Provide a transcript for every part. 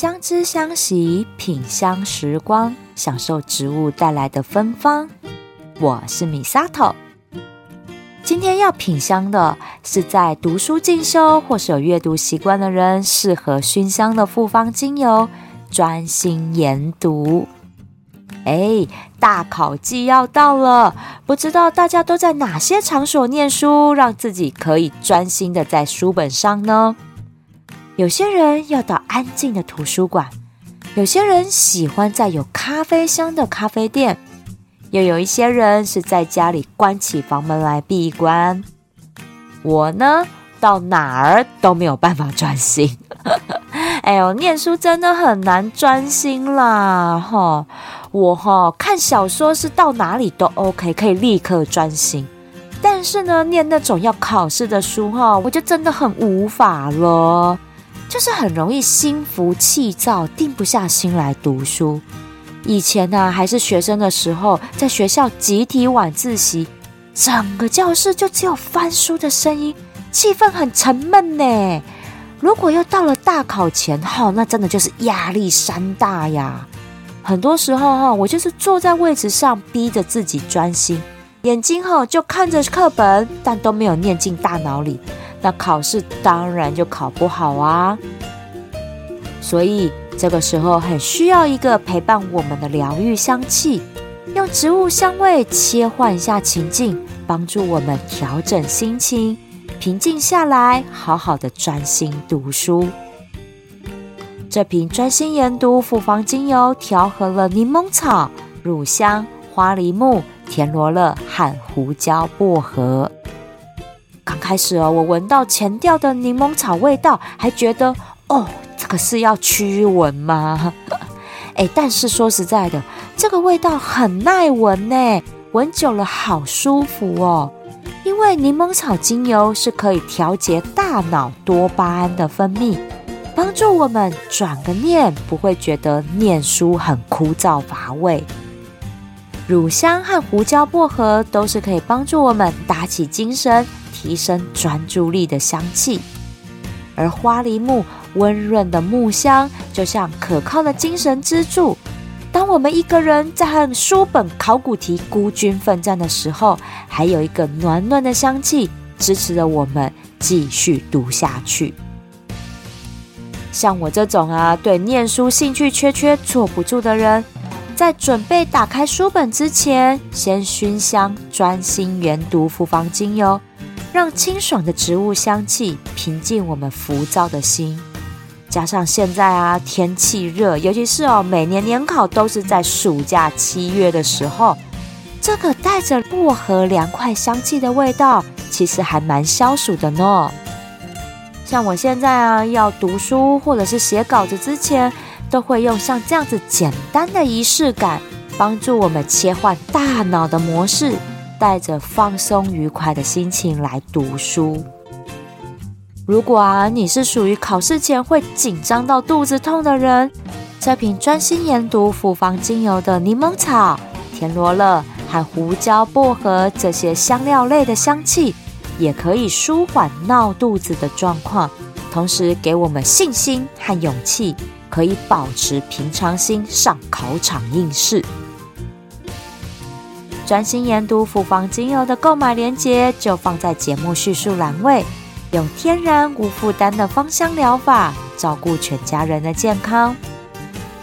香知香息，品香時光，享受植物帶來的芬芳。我是 Misato，今天要品香的是在讀書進修或是有閱讀習慣的人適合燻香的複方精油，專心研讀。哎，大考季要到了，不知道大家都在哪些場所念書，讓自己可以專心的在書本上呢？有些人要到安靜的圖書館，有些人喜歡在有咖啡香的咖啡店，又有一些人是在家裡關起房門來閉關。我呢，到哪兒都沒有辦法專心。 哎呦，念書真的很難專心啦！哦、我哈、哦、看小說是到哪裡都 OK，可以立刻專心，但是呢，念那種要考試的書哈、哦，我就真的很無法了。就是很容易心浮氣躁，定不下心來讀書。以前呢、啊，還是學生的時候，在學校集體晚自習，整個教室就只有翻書的聲音，氣氛很沉悶呢。如果又到了大考前後，那真的就是壓力山大呀。很多時候哈，我就是坐在位置上，逼着自己專心，眼睛就看着課本，但都沒有念進大腦裡。那考試當然就考不好啊，所以這個時候很需要一個陪伴我們的療癒香氣，用植物香味切換一下情境，幫助我們調整心情，平靜下來，好好的專心讀書。這瓶專心研讀複方精油調和了檸檬草、乳香、花梨木、甜羅勒和胡椒薄荷。剛開始哦，我聞到前調的檸檬草味道，還覺得哦，這個是要驅蚊嗎？ 哎，但是說實在的，這個味道很耐聞呢，聞久了好舒服哦。因為檸檬草精油是可以調節大腦多巴胺的分泌，幫助我們轉個念，不會覺得唸書很枯燥乏味。乳香和胡椒薄荷都是可以幫助我們打起精神、提升專注力的香氣，而花梨木溫潤的木香就像可靠的精神支柱。當我們一個人在和書本、考古題孤軍奮戰的時候，還有一個暖暖的香氣支持着我們繼續讀下去。像我這種啊，對念書興趣缺缺、坐不住的人。在準備打開書本之前，先燻香，專心研讀複方精油，讓清爽的植物香氣平靜我們浮躁的心。加上現在啊，天氣熱，尤其是哦，每年年考都是在暑假七月的時候，這個帶着薄荷涼快香氣的味道，其實還蠻消暑的呢。像我現在啊，要讀書或者是寫稿子之前，都會用像這樣子簡單的儀式感，幫助我們切換大腦的模式，帶着放鬆愉快的心情來讀書。如果、啊、你是屬於考試前會緊張到肚子痛的人，這瓶專心研讀複方精油的檸檬草、甜羅勒和胡椒薄荷這些香料類的香氣，也可以舒緩鬧肚子的狀況，同時給我們信心和勇氣。可以保持平常心上考場應試，專心研讀複方精油的購買鏈接就放在節目敘述欄位。用天然無負擔的芳香療法照顧全家人的健康，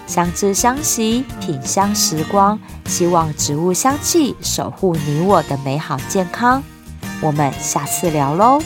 香知香息，品香時光。希望植物香氣守護你我的美好健康。我們下次聊嘍。